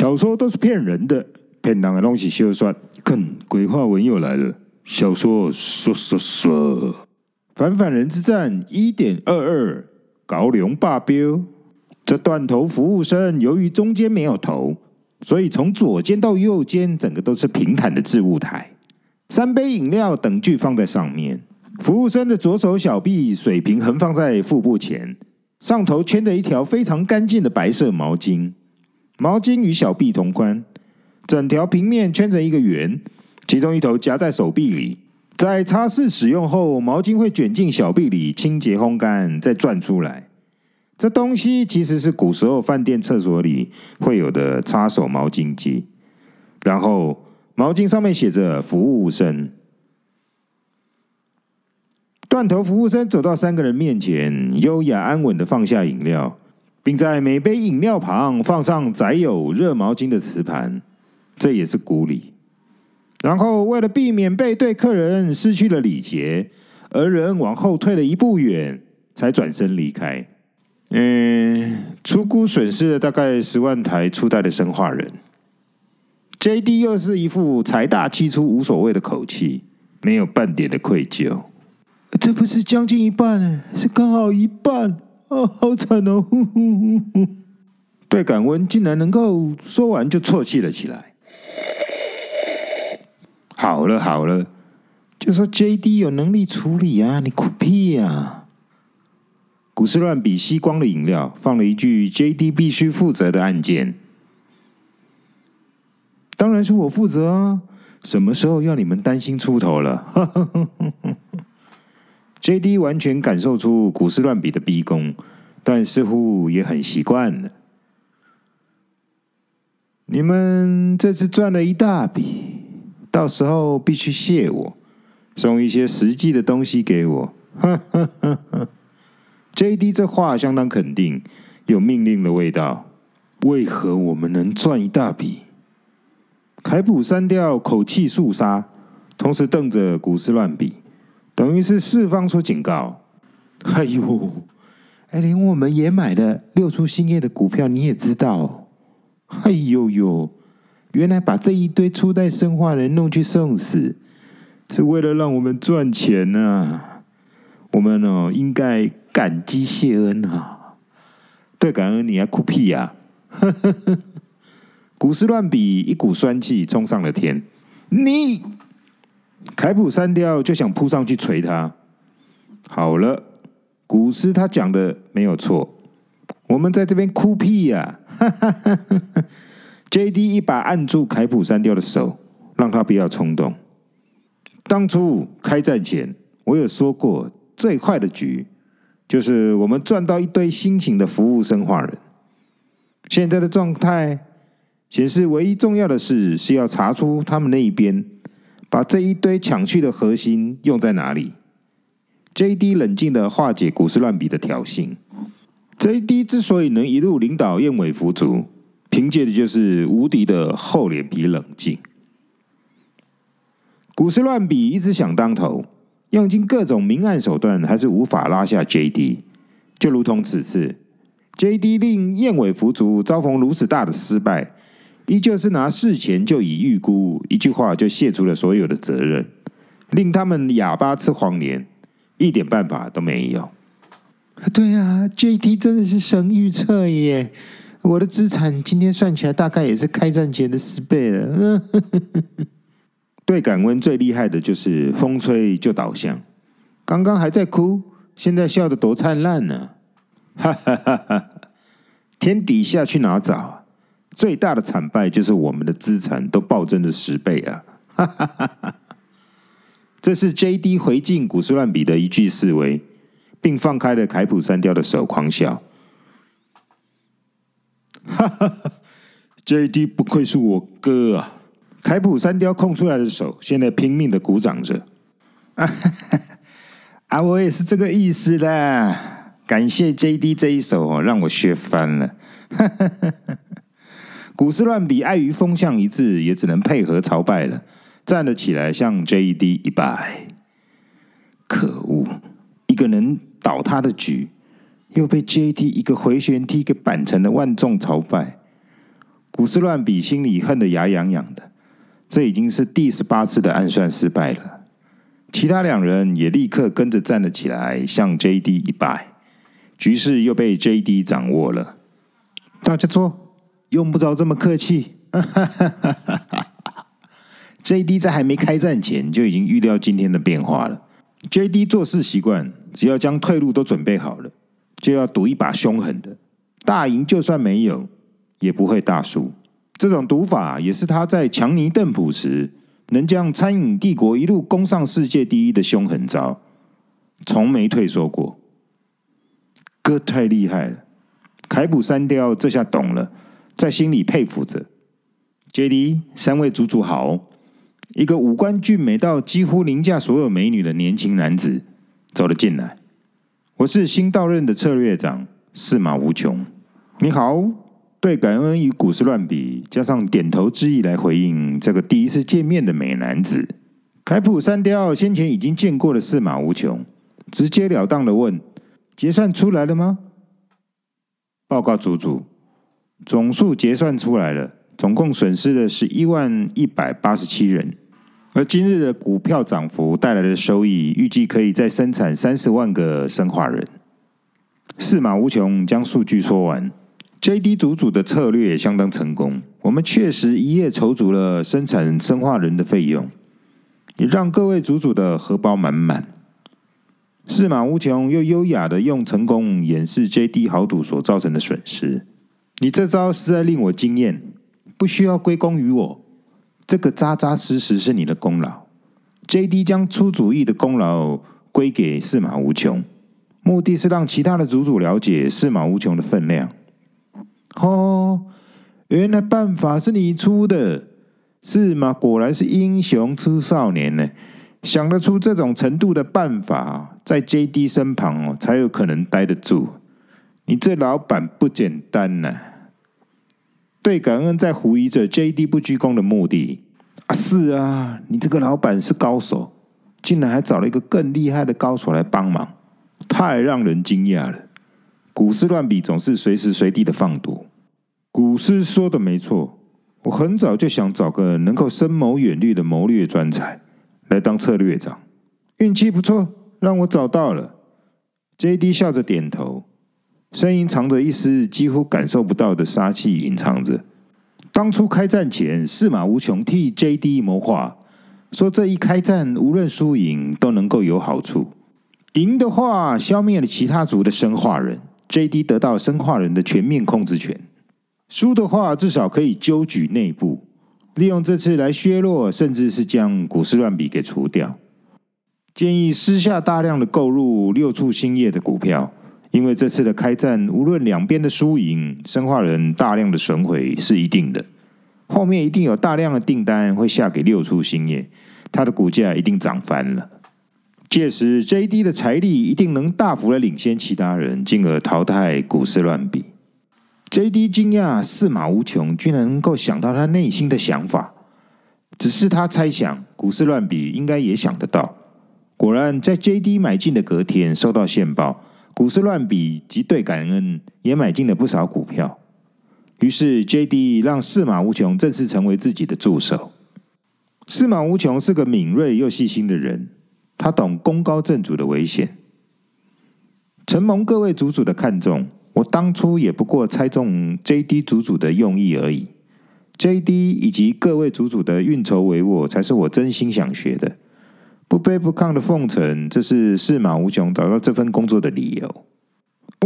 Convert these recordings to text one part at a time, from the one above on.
小說都是騙人的，騙人的東西休算看，鬼話文又來了。小說說說說，反反人之戰一點二二，猴龍豹彪。這斷頭服務生，由於中間沒有頭，所以從左肩到右肩，整個都是平坦的置物台。三杯飲料等距放在上面，服務生的左手小臂水平橫放在腹部前，上頭圈着一條非常乾淨的白色毛巾。毛巾與小臂同寬，整條平面圈成一個圓，其中一頭夾在手臂裡。在擦拭使用後，毛巾會卷進小臂裡清潔烘乾，再轉出來。這東西其實是古時候飯店廁所裡會有的擦手毛巾機。然後，毛巾上面寫着“服務生”。斷頭服務生走到三個人面前，優雅安穩的放下飲料。並在每杯飲料旁放上載有熱毛巾的瓷盤，這也是古禮。然後為了避免，背對客人失去了禮節，而人往後退了一步遠，才轉身離開。嗯，初估損失了大概十萬台初代的生化人。J.D. 又是一副財大氣粗、無所謂的口氣，沒有半點的愧疚。這不是將近一半，是剛好一半。啊、哦，好慘哦！呵呵呵呵，對，感溫竟然能夠說完就啜泣了起來。好了好了，就說 JD 有能力處理啊，你哭屁呀，啊！古思亂比，吸光了飲料，放了一句 JD 必須負責的案件，當然是我負責啊！什麼時候要你們擔心出頭了？呵呵呵呵。J.D. 完全感受出古斯亂筆的逼宮，但似乎也很習慣了。你們這次賺了一大筆，到時候必須謝我，送一些實際的東西給我。 J.D. 這話相當肯定，有命令的味道。為何我們能賺一大筆？凱普三調口氣肅殺，同時瞪着古斯亂筆。等於是釋放出警告，哎呦，哎，連我們也買了六出新業的股票，你也知道，哎呦呦，原來把這一堆初代生化人弄去送死，嗯、是為了讓我們賺錢吶、啊！我們哦，應該感激謝恩啊！對，感恩你還哭屁呀、啊？股 市亂比，一股酸氣沖上了天，你。凱普三吊就想撲上去捶他。好了，古詩他講的沒有錯。我們在這邊哭屁呀、啊、 ！J D 一把按住凱普三吊的手，讓他不要衝動。當初開戰前，我有說過，最壞的局就是我們賺到一堆新型的服務生化人。現在的狀態顯示，唯一重要的事是，是要查出他們那一邊把這一堆搶去的核心用在哪裡？J.D. 冷靜地化解股市亂筆的挑釁。J.D. 之所以能一路領導燕尾服族，憑借的就是無敵的厚臉皮冷靜、冷靜。股市亂筆一直想當頭，用盡各種明暗手段，還是無法拉下 J.D.，就如同此次，J.D. 令燕尾服族遭逢如此大的失敗。依舊是拿事前就已預估，一句話就卸除了所有的責任，令他們啞巴吃黃連，一點辦法都沒有。對啊，JT 真的是神預測耶！我的資產今天算起來大概也是開戰前的十倍了。 對，感溫最厲害的就是風吹就倒向，剛剛還在哭，現在笑得多燦爛呢、啊！哈哈哈哈！天底下去哪找？最大的慘敗就是我們的資產都暴增了十倍啊！這是 JD 回敬古斯亂比的一句示威，並放開了凱普三雕的手狂笑。哈，哈哈！JD 不愧是我哥啊！凱普三雕空出來的手，現在拼命的鼓掌着。哈哈！啊，啊，我也是這個意思啦！感謝 JD 這一手，讓我笑翻了。哈哈，哈！古斯亂比礙於風向一致，也只能配合朝拜了。站了起來，向 JD 一拜。可惡，一個能倒他的局，又被 JD 一個回旋踢給板成了萬眾朝拜。古斯亂比心裡恨得牙癢癢的，這已經是第十八次的暗算失敗了。其他兩人也立刻跟着站了起來，向 JD 一拜。局勢又被 JD 掌握了。大家坐。用不着這麼客氣。 J.D. 在還沒開戰前就已經預料今天的變化了。J.D. 做事習慣，只要將退路都準備好了，就要賭一把凶狠的。大贏就算沒有，也不會大輸。這種賭法也是他在強尼·鄧普時能將餐飲帝國一路攻上世界第一的凶狠招，從沒退縮過。哥太厲害了！凱普三雕，這下懂了。在心裡佩服着，傑迪，三位主主好，一個五官俊美到幾乎凌駕所有美女的年輕男子走了進來。我是新到任的策略長，司馬無窮。你好，對感恩與股市亂比，加上點頭之意來回應這個第一次見面的美男子。凱普三雕先前已經見過了司馬無窮，直截了當的問：結算出來了嗎？報告主主。總數結算出來了，總共損失的是一萬一百八十七人。而今日的股票漲幅帶來的收益，預計可以再生產三十萬個生化人。司馬無窮將數據說完，J D 組組的策略也相當成功。我們確實一夜籌足了生產生化人的費用，也讓各位組組的荷包滿滿。司馬無窮又優雅地用成功掩飾 J D 豪賭所造成的損失。你這招實在令我驚艷，不需要歸功於我，這個扎扎實實是你的功勞。J.D. 將出主意的功勞歸給四馬無窮，目的是讓其他的組主了解四馬無窮的分量。哦，原來辦法是你出的，是嗎？果然是英雄出少年呢，想得出這種程度的辦法，在 J.D. 身旁才有可能待得住。你這老板不簡單呢、啊。對，感恩在狐疑着 JD 不居功的目的啊！是啊，你這個老闆是高手，竟然還找了一個更厲害的高手來幫忙，太讓人驚訝了。古詩亂筆總是隨時隨地的放毒，古詩說的沒錯，我很早就想找個能夠深謀遠慮的謀略專才來當策略長，運氣不錯，讓我找到了。JD 笑着點頭。聲音藏着一絲幾乎感受不到的殺氣，隱藏着。當初開戰前，四馬無窮替 J D 謀劃，說這一開戰，無論輸贏都能夠有好處。贏的話，消滅了其他族的生化人，J D 得到生化人的全面控制權；輸的話，至少可以揪舉內部，利用這次來削弱，甚至是將古斯亂筆給除掉。建議私下大量的購入六處新業的股票。因為這次的開戰，無論兩邊的輸贏，生化人大量的損毀是一定的。後面一定有大量的訂單會下給六處新業，他的股價一定漲翻了。屆時，J D 的財力一定能大幅的領先其他人，進而淘汰股市亂比。J D 驚訝，駟馬無窮居然能夠想到他內心的想法。只是他猜想，股市亂比應該也想得到。果然，在 J D 買進的隔天，收到線報。股市亂比及對感恩也買進了不少股票，於是 J.D. 讓駟馬無窮正式成為自己的助手。駟馬無窮是個敏銳又細心的人，他懂功高震主的危險。承蒙各位主主的看重，我當初也不過猜中 J.D. 主主的用意而已。J.D. 以及各位主主的運籌帷幄，才是我真心想學的。不卑不亢的奉承，這是四馬無窮找到這份工作的理由。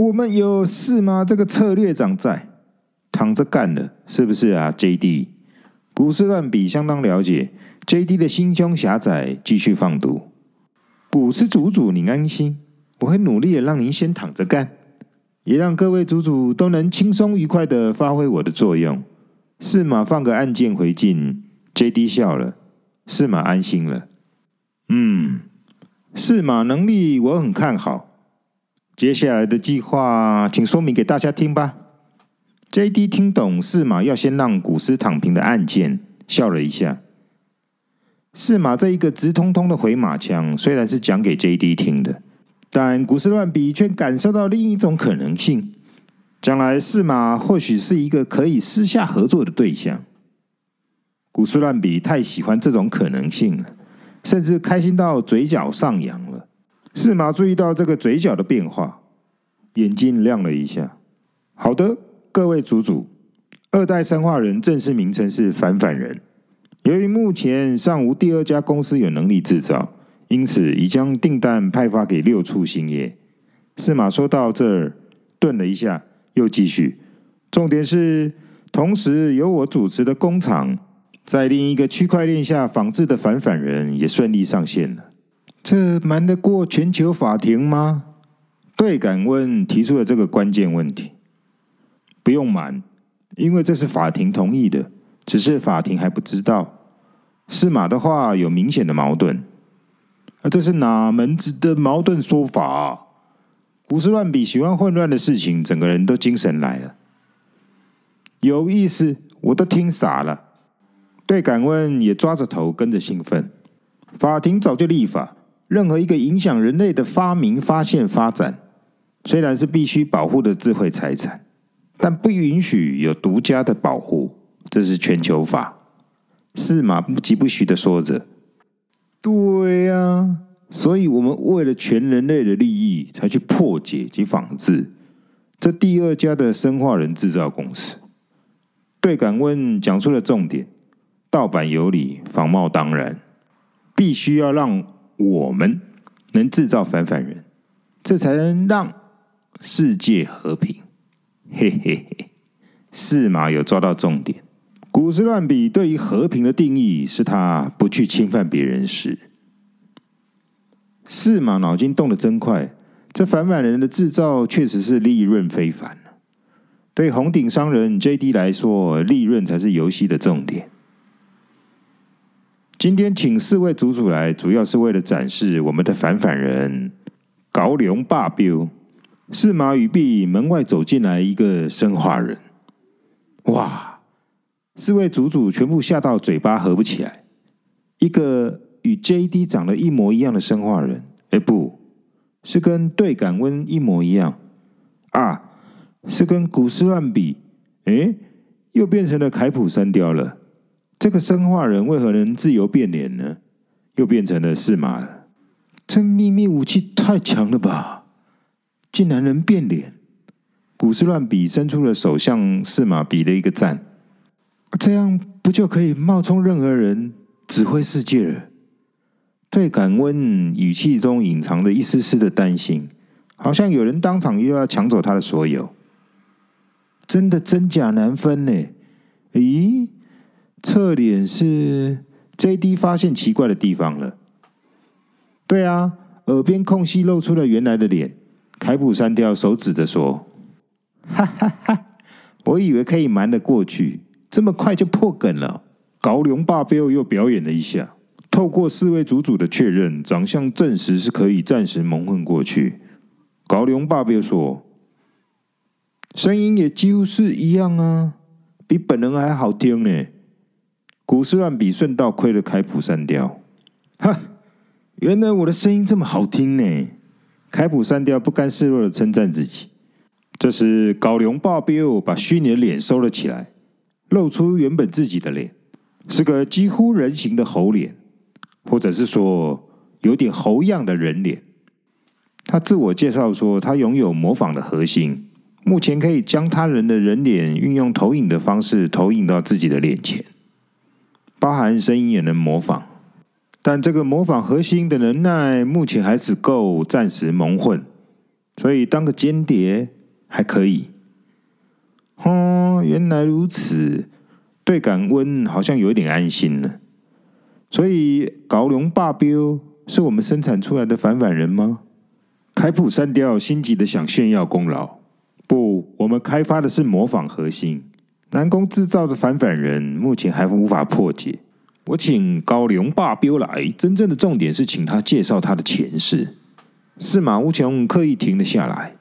我們有四馬這個策略長在躺着幹了，是不是啊？J D. 股市亂筆相當了解。J D. 的心胸狹窄，繼續放毒。股市。祖祖，您安心，我會努力的，讓您先躺着幹，也讓各位祖祖都能輕鬆愉快的發揮我的作用。四馬放個暗箭回敬。J D. 笑了，四馬安心了。嗯，四馬能力我很看好。接下來的計劃，請說明給大家聽吧。JD 聽懂四馬要先讓古斯躺平的案件，笑了一下。四馬這一個直通通的回馬槍，雖然是講給 JD 聽的，但古斯亂比卻感受到另一種可能性：將來四馬或許是一個可以私下合作的對象。古斯亂比太喜歡這種可能性了。甚至開心到嘴角上揚了。四馬注意到這個嘴角的變化，眼睛亮了一下。好的，各位主主，二代生化人正式名稱是反反人。由於目前尚無第二家公司有能力制造，因此已將訂單派發給六處新業。四馬說到這兒，頓了一下，又繼續。重點是，同時由我主持的工廠。在另一個區塊鏈下仿制的反反人，也順利上線了，這瞞得過全球法庭嗎？對，感問提出了這個關鍵問題。不用瞞，因為這是法庭同意的，只是法庭還不知道。是馬的話有明顯的矛盾，啊，這是哪門子的矛盾說法？啊？胡思亂比，喜歡混亂的事情，整個人都精神來了，有意思，我都聽傻了。對，感恩也抓着頭跟着興奮。法庭早就立法，任何一個影響人類的發明、發現、發展，雖然是必須保護的智慧財產，但不允許有獨家的保護。這是全球法。四馬不疾不徐的說着：“對呀、啊，所以我們為了全人類的利益，才去破解及仿制這第二家的生化人制造公司。”對，感恩講出了重點。盜版有理，仿冒當然，必須要讓我們能製造反反人，這才能讓世界和平。嘿嘿嘿，四馬有抓到重點。古詩亂筆對於和平的定義是他不去侵犯別人時。四馬腦筋動得真快，這反反人的製造確實是利潤非凡。對紅頂商人 JD 來說，利潤才是遊戲的重點。今天請四位祖主來，主要是為了展示我們的反反人猴龍豹彪。四馬與壁門外走進來一個生化人，哇！四位祖主全部嚇到嘴巴合不起來。一個與 J.D 長得一模一樣的生化人，哎，不是跟對感溫一模一樣啊，是跟古斯亂比。哎，又變成了凱普三雕了。這個生化人為何能自由變臉呢？又變成了四馬了。這秘密武器太強了吧！竟然能變臉。古詩亂比，伸出了手向四馬比了一個讚。這樣不就可以冒充任何人指揮世界了？對，感溫語氣中隱藏着一絲絲的擔心，好像有人當場又要搶走他的所有。真的真假難分呢？咦？側臉是 J.D 發現奇怪的地方了。對啊，耳邊空隙露出了原來的臉。凱普山掉手指着說：“哈,哈哈哈，我以為可以瞞得過去，這麼快就破梗了。”猴龍豹彪又表演了一下。透過四位組組的確認，長相證實是可以暫時蒙混過去。猴龍豹彪說：“聲音也幾乎是一樣啊，比本人還好聽呢。”古詩亂比，順道虧了開普三雕。哈，原來我的聲音這麼好聽呢！開普三雕不甘示弱的稱讚自己。這時，猴龍豹彪把虛擬的臉收了起來，露出原本自己的臉，是個幾乎人形的猴臉，或者是說有點猴樣的人臉。他自我介紹說，他擁有模仿的核心，目前可以將他人的人臉運用投影的方式，投影到自己的臉前。包含聲音也能模仿，但這個模仿核心的能耐目前還只夠暫時蒙混，所以當個間諜還可以。哦，原來如此，對感溫好像有點安心了。所以猴龍豹彪是我們生產出來的反反人嗎？開普刪掉，心急的想炫耀功勞。不，我們開發的是模仿核心。南宮製造的反反人目前還無法破解。我請猴龍豹彪來，真正的重點是請他介紹他的前世。四馬無窮刻意停了下來，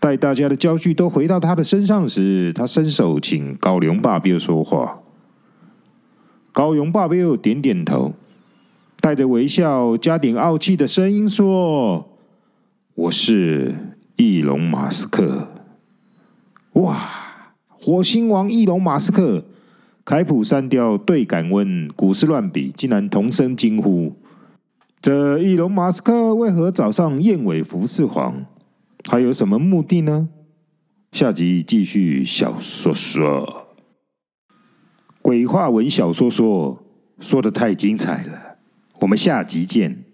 待大家的焦距都回到他的身上時，他伸手請猴龍豹彪說話。猴龍豹彪點點頭，帶着微笑、加點傲氣的聲音說：“我是翼龍馬四克。”哇！火星王翼龍馬斯克、凱普三雕對感問古斯亂比，竟然同聲驚呼：這翼龍馬斯克為何找上燕尾服四皇？還有什麼目的呢？下集繼續小說說。鬼話文小說說，說得太精彩了，我們下集見。